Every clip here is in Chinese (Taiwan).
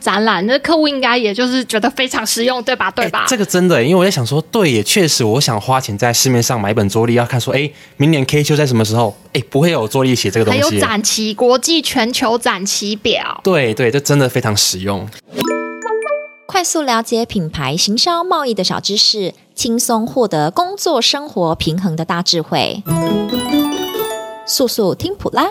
展覽，那客戶應該也就是覺得非常實用，對吧？對吧？欸、這個真的、欸，因為我在想說，對，也確實，我想花錢在市面上買本桌曆要看說，哎、欸，明年 K Show 在什麼時候，哎、欸，不會有桌曆寫這個東西、欸，還有展期國際全球展期表，對對，這真的非常實用。快速了解品牌行銷貿易的小知識，輕鬆獲得工作生活平衡的大智慧。速速聽普拉！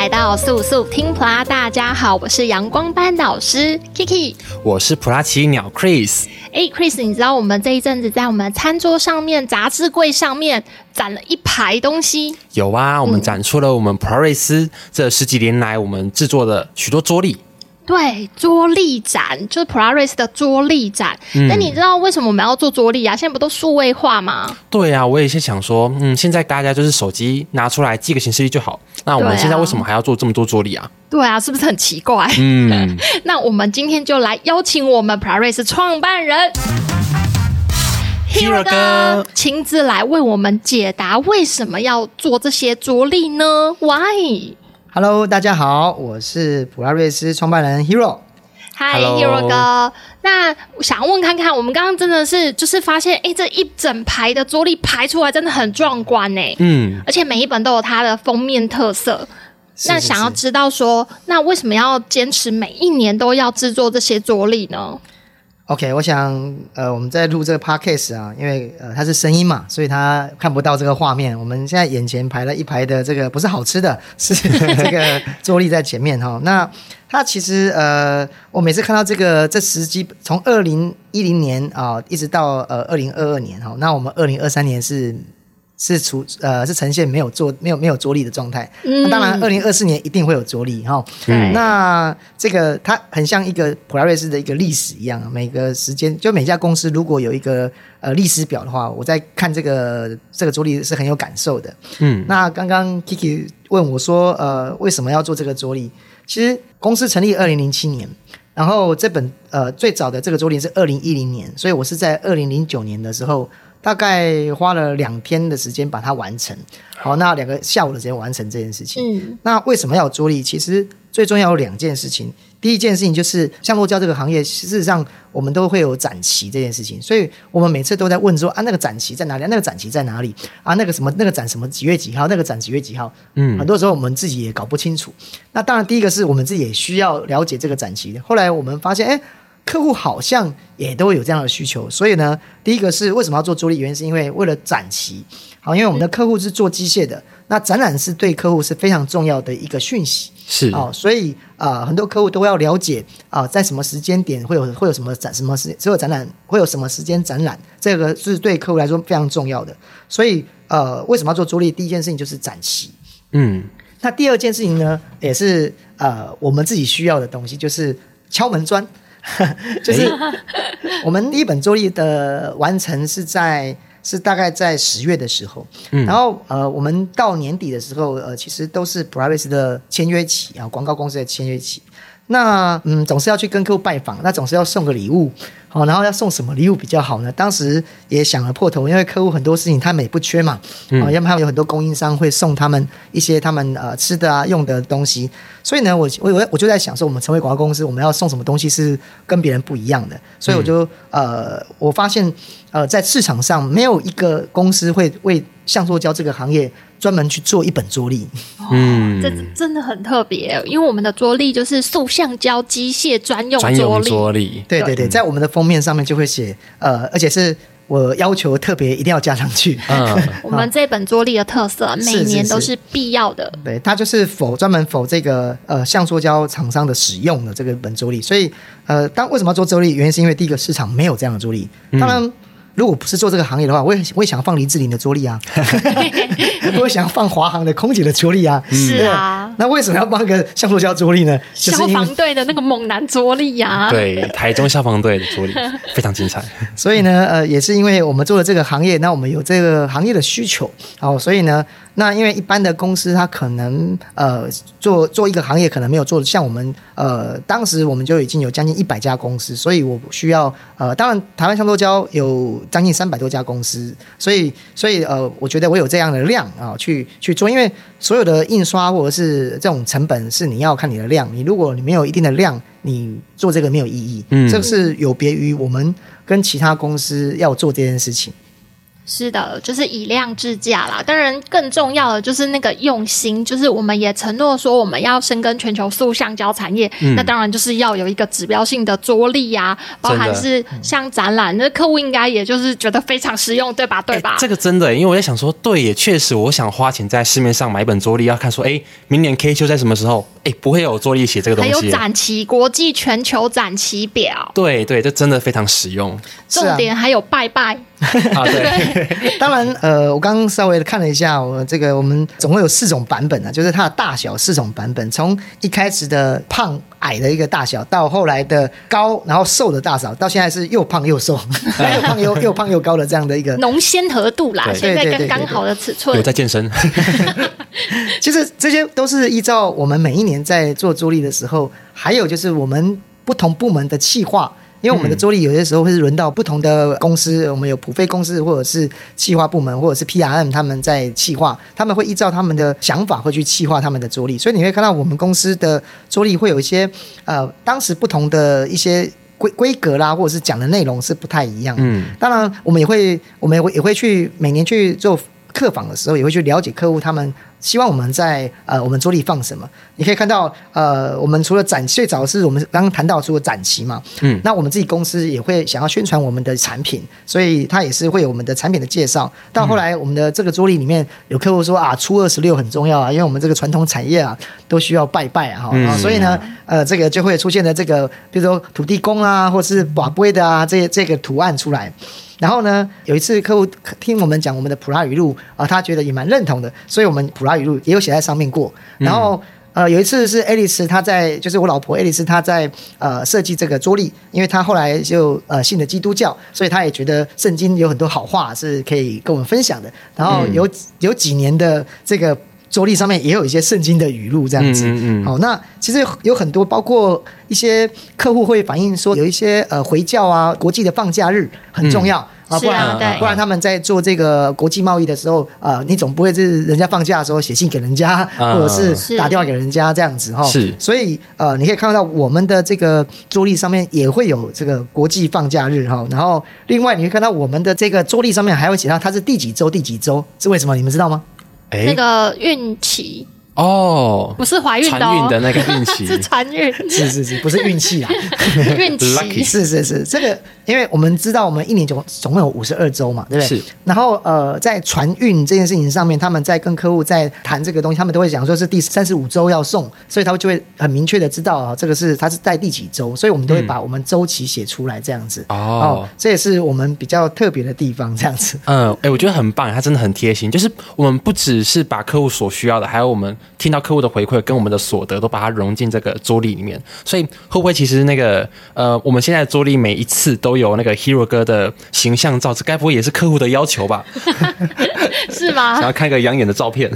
來到素素聽普拉，大家好，我是陽光班導師 Kiki，我是普拉奇鳥 Chris。哎，Chris，你知道我們這一陣子在我們餐桌上面、雜誌櫃上面展了一排東西？有啊，我們展出了我們普拉瑞斯、嗯、這十幾年來我們制作的許多桌曆。對，桌曆展就是普拉瑞斯的桌曆展。那、嗯、你知道為什麼我們要做桌曆啊？現在不都數位化嗎？對啊，我也是想說，嗯，現在大家就是手機拿出來記個行事曆就好。那我們現在為什麼還要做這麼多桌曆啊,啊？對啊，是不是很奇怪？嗯， 那我們今天就來邀請我們普拉瑞斯創辦人 Hero 哥親自來為我們解答，為什麼要做這些桌曆呢？Why？Hello，大家好，我是普拉瑞斯創辦人 Hero。Hi，Hero 哥，Hello 那我想問看看，我們剛剛真的是就是發現，誒，這一整排的桌曆排出來真的很壯觀誒，嗯，而且每一本都有它的封面特色。是是是，那想要知道說，那為什麼要堅持每一年都要製作這些桌曆呢？OK，我想，呃，我們在錄這個 podcast 啊，因為呃，它是聲音嘛，所以它看不到這個畫面。我們現在眼前排了一排的這個不是好吃的，是這個桌曆在前面哈、哦。那它其實呃，我每次看到這個，這十幾，從二零一零年啊、呃，一直到呃二零二二年哈、哦，那我們二零二三年是。是處呃，是呈現沒有做沒有沒有桌曆的狀態，嗯、那當然二零二四年一定會有桌曆哈。嗯、那這個它很像一個普拉瑞斯的一個歷史一樣，每個時間就每家公司如果有一個呃歷史表的話，我在看這個這個桌曆是很有感受的。嗯，那剛剛 Kiki 問我說呃為什麼要做這個桌曆？其實公司成立二零零七年，然後這本呃最早的這個桌曆是二零一零年，所以我是在二零零九年的時候。大概花了兩天的時間把它完成，好，那兩個下午的時間完成這件事情。嗯，那為什麼要有桌曆？其實最重要有兩件事情。第一件事情就是，像塑膠這個行業，事實上我們都會有展期這件事情，所以我們每次都在問說，啊，那個展期在哪裡？那個展期在哪裡？啊，那個什麼那個展什麼幾月幾號？那個展幾月幾號？嗯，很多時候我們自己也搞不清楚。那當然，第一個是我們自己也需要了解這個展期的。後來我們發現，哎。客戶好像也都有這樣的需求，所以呢，第一個是為什麼要做桌曆原因是因為為了展期，好，因為我們的客戶是做機械的，那展覽是對客戶是非常重要的一個訊息，是，啊、哦，所以啊、呃，很多客戶都要了解啊、呃，在什麼時間點會有會有什麼展，什麼時間會有展覽會有什麼時間展覽，這個是對客戶來說非常重要的，所以呃，為什麼要做桌曆？第一件事情就是展期，嗯，那第二件事情呢，也是呃，我們自己需要的東西，就是敲門磚。 就是我們一本桌曆的完成是在是大概在十月的時候，嗯、然後呃，我們到年底的時候，呃，其實都是普拉瑞斯的簽約期啊、呃，廣告公司的簽約期，那嗯，總是要去跟客戶拜訪，那總是要送個禮物。好，然後要送什麼禮物比較好呢？當時也想了破頭，因為客戶很多事情他們也不缺嘛，哦、嗯，因為他們有很多供應商會送他們一些他們呃吃的啊、用的東西，所以呢，我我我我就在想說，我們成為廣告公司，我們要送什麼東西是跟別人不一樣的？所以我就、嗯、呃，我發現呃，在市場上沒有一個公司會為橡塑膠這個行業。專門去做一本桌曆，嗯，這真的很特別，因為我們的桌歷就是塑橡膠機械專用桌曆，專用桌曆，對對對，在我們的封面上面就會寫，呃，而且是我要求特別一定要加上去，嗯，呵呵我們這本桌歷的特色，每年都是必要的，是是是對，它就是 for 專門 for 這個呃橡塑膠廠商的使用的這個本桌曆，所以呃，當為什麼要做桌曆，原因是因為第一個市場沒有這樣的桌曆，當然。嗯如果不是做這個行業的話，我也我也想放林志玲的桌曆啊， 我也想要放華航的空姐的桌曆啊，是啊，呃，那為什麼要放一個橡塑膠桌曆呢？消防隊的那個猛男桌曆啊，對，台中消防隊的桌曆非常精彩。 所以呢，呃，也是因為我們做了這個行業，那我們有這個行業的需求，哦，所以呢，那因為一般的公司它可能呃做做一個行業可能沒有做像我們，呃，當時我們就已經有將近一百家公司，所以我需要呃，當然台灣橡塑膠有。將近三百多家公司，所以，所以，呃，我覺得我有這樣的量啊，呃，去去做，因為所有的印刷或者是這種成本，是你要看你的量，你如果你沒有一定的量，你做這個沒有意義，嗯，這個是有別於我們跟其他公司要做這件事情。是的，就是以量制價啦。當然，更重要的就是那個用心，就是我們也承諾說我們要深耕全球塑橡膠產業，嗯、那當然就是要有一個指標性的桌曆呀、啊，的包含是像展覽，嗯、那客戶應該也就是覺得非常實用，對吧？對吧？欸、這個真的、欸，因為我也想說，對，也確實，我想花錢在市面上買本桌曆，要看說，哎、欸，明年 k 秋在什麼時候？哎、欸，不會有桌曆寫這個東西、欸，還有展期國際全球展期表，對對，這真的非常實用。啊、重點還有拜拜。 啊對，對對當然呃，我剛稍微的看了一下，我這個我們總共有四種版本，啊、就是它的大小四種版本，從一開始的胖矮的一個大小，到後來的高然後瘦的大小，到現在是又胖又瘦，啊、 又胖又又胖又高的這樣的一個、啊、穠纖合度啦，對現在剛剛好的尺寸。有在健身。其 實 這些都是依照我們每一年在做桌曆的時候，還有就是我們不同部門的企劃，因為我們的桌曆有些時候會是輪到不同的公司，嗯、我們有普飛公司，或者是企劃部門，或者是 PRM 他們在企劃，他們會依照他們的想法會去企劃他們的桌曆，所以你會看到我們公司的桌曆會有一些呃，當時不同的一些規規格啦，或者是講的內容是不太一樣的，嗯，當然我們也會，我們也會去每年去做客訪的時候，也會去了解客戶他們。希望我們在呃，我們桌曆放什麼？你可以看到，呃，我們除了展最早是我們剛剛談到說展旗，嘛，嗯，那我們自己公司也會想要宣傳我們的產品，所以它也是會有我們的產品的介紹。到後來，我們的這個桌曆裡面有客戶說、嗯、啊，初二十六很重要啊，因為我們這個傳統產業啊都需要拜拜啊，哈，所以呢，嗯、呃，這個就會出現了這個，比如說土地公啊，或者是瓦貝的啊，這些、個、這個圖案出來。然後呢，有一次客戶聽我們講我們的普拉語錄啊，他、呃、覺得也蠻認同的，所以我們普拉語錄也有寫在上面過。然後、嗯、呃，有一次是愛麗絲，她在就是我老婆愛麗絲，她在呃設計這個桌曆，因為她後來就呃信了基督教，所以她也覺得聖經有很多好話是可以跟我們分享的。然後有、嗯、有幾年的這個。桌曆上面也有一些聖經的語錄，這樣子、嗯。好、嗯嗯哦，那其實有很多，包括一些客戶會反映說，有一些呃回教啊，國際的放假日很重要、嗯、啊，不然不然他們在做這個國際貿易的時候啊、呃，你總不會是人家放假的時候寫信給人家，啊、或者是打電話給人家這樣子哈是、哦。是，所以呃，你可以看到我們的這個桌曆上面也會有這個國際放假日哈、哦。然後另外你會看到我們的這個桌曆上面還會寫到它是第幾週、第幾週，是為什麼？你們知道嗎？欸、那個運氣。哦，oh, 不是懷孕的、哦，那個運氣 是船運，是是是，不是運氣啊，運氣是是是，這個因為我們知道我們一年總總共有五十二周嘛，對不對？是。然後呃，在船運這件事情上面，他們在跟客戶在談這個東西，他們都會講說是第三十五周要送，所以他們就會很明確的知道啊，這個是他是在第幾周，所以我們都會把我們周期寫出來這樣子。嗯、哦，哦，這也是我們比較特別的地方，這樣子、呃。嗯，哎，我覺得很棒，他真的很貼心，就是我們不只是把客戶所需要的，還有我們。聽到客戶的回饋跟我們的所得，都把它融進這個桌曆裡面，所以會不會其實那個呃，我們現在桌曆每一次都有那個 Hero 哥的形象照，這該不會也是客戶的要求吧？ 是嗎？想要看一個養眼的照片，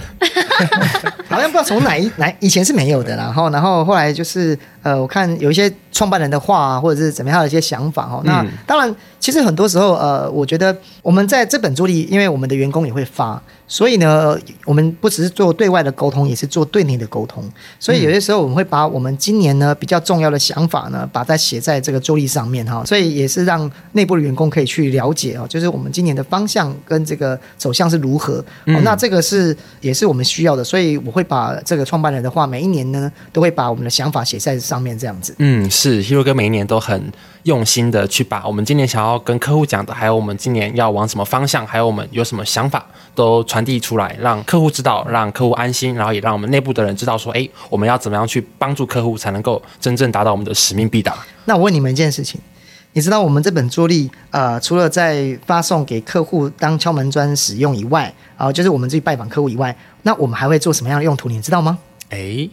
好像不知道從哪一來，以前是沒有的，然後然後後來就是呃，我看有一些創辦人的話、啊，或者是怎麼樣的一些想法哦，嗯、那當然。其實很多時候，呃，我覺得我們在這本桌曆，因為我們的員工也會發，所以呢，我們不只是做對外的溝通，也是做對內的溝通。所以有些時候，我們會把我們今年呢比較重要的想法呢，把它寫在這個桌曆上面哈。所以也是讓內部的員工可以去了解哦，就是我們今年的方向跟這個走向是如何。嗯、那這個是也是我們需要的，所以我會把這個創辦人的話，每一年呢都會把我們的想法寫在上面，這樣子。嗯，是 Hero 哥每一年都很用心的去把我們今年想要跟客戶講的，還有我們今年要往什麼方向，還有我們有什麼想法，都傳遞出來，讓客戶知道，讓客戶安心，然後也讓我們內部的人知道，說，哎、欸，我們要怎麼樣去幫助客戶，才能夠真正達到我們的使命必達。那我問你們一件事情，你知道我們這本桌曆呃，除了在發送給客戶當敲門磚使用以外，啊、呃，就是我們自己拜訪客戶以外，那我們還會做什麼樣的用途？你知道嗎？誒、欸。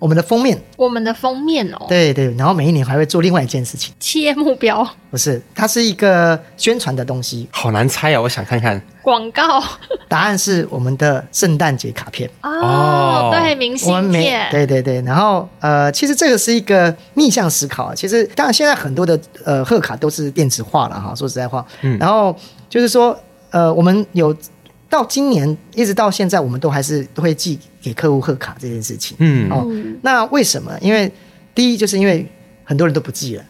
我們的封面，我們的封面哦，對對，然後每一年還會做另外一件事情，企業目標不是，它是一個宣傳的東西，好難猜啊，我想看看廣告， 答案是我們的聖誕節卡片哦，oh, 對明信片，對對對，然後呃，其實這個是一個逆向思考，其實當然現在很多的呃賀卡都是電子化了哈，說實在話，嗯，然後就是說呃，我們有到今年一直到現在，我們都還是都會寄。給客戶賀卡這件事情，嗯，哦，那為什麼？因為第一，就是因為很多人都不寄了。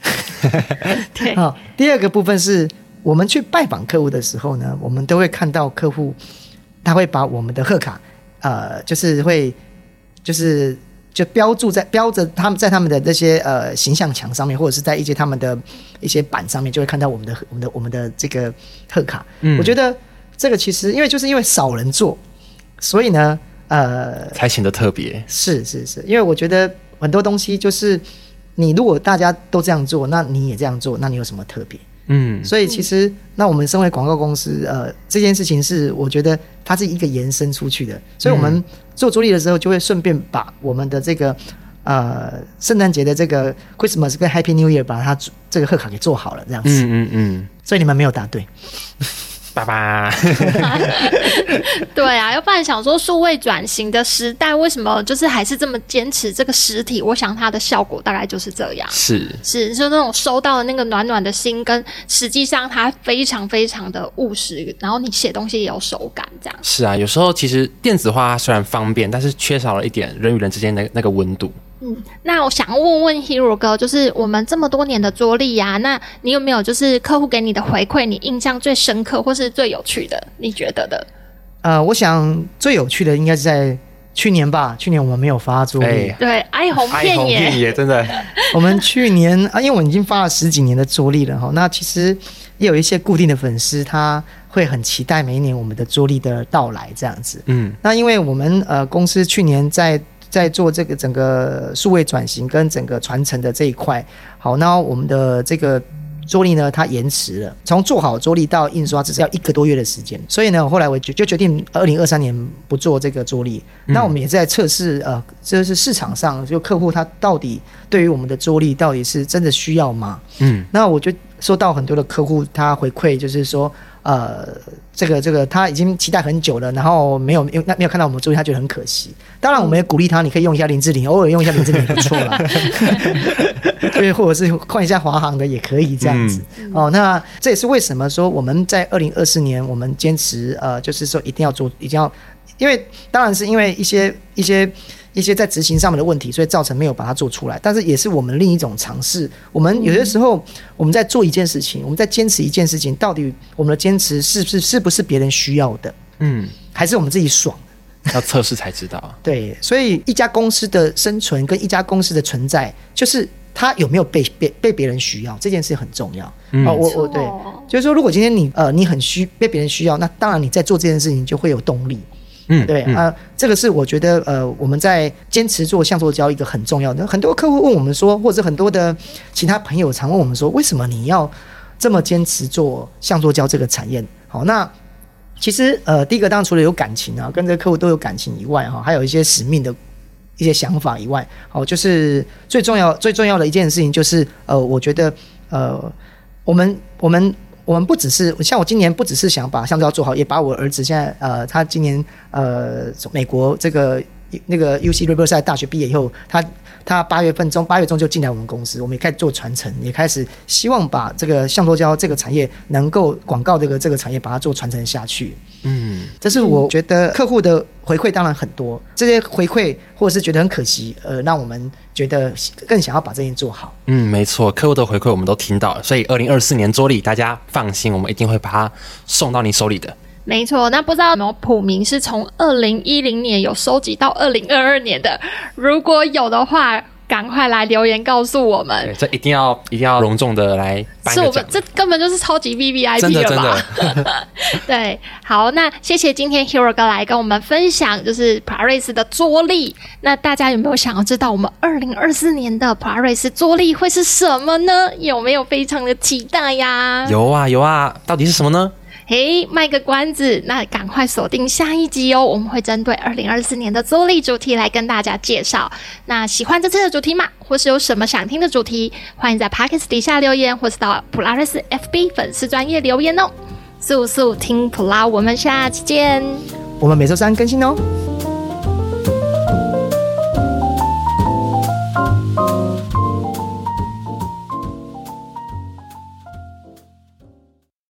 對哦，第二個部分是我們去拜訪客戶的時候呢，我們都會看到客戶，他會把我們的賀卡，呃，就是會，就是就標注在標着他們在他們的那些呃形象牆上面，或者是在一些他們的一些板上面，就會看到我們的我們的我們的這個賀卡。嗯，我覺得這個其實因為就是因為少人做，所以呢。呃，才顯得特別。是是是，因為我覺得很多東西就是，你如果大家都這樣做，那你也這樣做，那你有什麼特別？嗯。所以其實，嗯、那我們身為廣告公司，呃，這件事情是我覺得它是一個延伸出去的，所以我們做桌曆的時候就會順便把我們的這個、嗯、呃聖誕節的這個 Christmas 跟 Happy New Year 把它這個賀卡給做好了，這樣子。嗯，嗯嗯。所以你們沒有答對。爸爸，對啊，要不然想說數位轉型的時代，為什麼就是還是這麼堅持這個實體？我想它的效果大概就是這樣。是是，就那種收到了那個暖暖的心，跟實際上它非常非常的務實，然後你寫東西也有手感，這樣。是啊，有時候其實電子化雖然方便，但是缺少了一點人與人之間的那個溫度。嗯，那我想問問 Hero 哥，就是我們這麼多年的桌曆呀。啊，那你有沒有就是客戶給你的回饋，你印象最深刻或是最有趣的、你覺得的？呃，我想最有趣的應該是在去年吧，去年我們沒有發桌曆，欸、對，哀鴻遍野，真的。 我們去年啊，因為我們已經發了十幾年的桌曆了哈，那其實也有一些固定的粉絲，他會很期待每一年我們的桌曆的到來這樣子。嗯，那因為我們呃公司去年在。在做這個整個數位轉型跟整個傳承的這一塊，好，那我們的這個桌曆呢，它延遲了，從做好桌曆到印刷，只是要一個多月的時間，所以呢，我後來我就就決定二零二三年不做這個桌曆。嗯、那我們也在測試，呃，這、就是市場上就客戶他到底對於我們的桌曆到底是真的需要嗎？嗯，那我就。收到很多的客戶他回饋，就是說，呃，這個這個他已經期待很久了，然後沒有，因那沒有看到我們桌曆，他覺得很可惜。當然我們也鼓勵他，你可以用一下林志玲，偶爾用一下林志玲也不錯啦。對，或者是換一下華航的也可以這樣子。嗯、哦，那這也是為什麼說我們在二零二四年我們堅持呃，就是說一定要做，一定要，因為當然是因為一些一些。一些在執行上面的問題，所以造成沒有把它做出來。但是也是我們另一種嘗試。我們有些時候、嗯、我們在做一件事情，我們在堅持一件事情，到底我們的堅持是不是是不是別人需要的？嗯，還是我們自己爽的？要測試才知道。 對，所以一家公司的生存跟一家公司的存在，就是它有沒有被被被別人需要這件事很重要。嗯，啊、我我對，就是說，如果今天你呃你很需被別人需要，那當然你在做這件事情就會有動力。嗯，對，啊、呃，這個是我覺得，呃，我們在堅持做橡塑膠一個很重要的。很多客戶問我們說，或者很多的其他朋友常問我們說，為什麼你要這麼堅持做橡塑膠這個產業？好，那其實，呃，第一個當然除了有感情啊，跟這個客戶都有感情以外，啊，哈，還有一些使命的一些想法以外，好，就是最重要、最重要的一件事情就是，呃，我覺得，呃，我們我們。我們不只是像我今年不只是想把橡膠做好，也把我兒子現在呃，他今年呃，美國這個那個 UC Riverside 大學畢業以後，他他八月份中八月中就進來我們公司，我們也開始做傳承，也開始希望把這個橡膠這個產業能夠廣告這個這個產業把它做傳承下去。嗯，這是我覺得客戶的回饋當然很多，嗯，這些回饋或者是覺得很可惜，呃，讓我們覺得更想要把這件做好。嗯，沒錯，客戶的回饋我們都聽到了，所以二零二四年桌曆大家放心，我們一定會把它送到你手裡的。沒錯，那不知道某普明是從二零一零年有收集到二零二二年的，如果有的話。趕快來留言告訴我們！這一定要一定要隆重的來。是我們這根本就是超級 VVIP 了吧？真的真的 對，好，那謝謝今天 Hero 哥來跟我們分享，就是普拉瑞斯的桌曆。那大家有沒有想要知道我們二零二四年的普拉瑞斯桌曆會是什麼呢？有沒有非常的期待呀？有啊有啊，到底是什麼呢？嘿、欸，賣個關子，那趕快鎖定下一集哦！我們會針對二零二四年的桌曆主題來跟大家介紹。那喜歡這次的主題嗎？或是有什麼想聽的主題？歡迎在 podcast 底下留言，或是到普拉瑞斯 FB 粉絲專頁留言哦！速速聽普拉，我們下期見！我們每週三更新哦。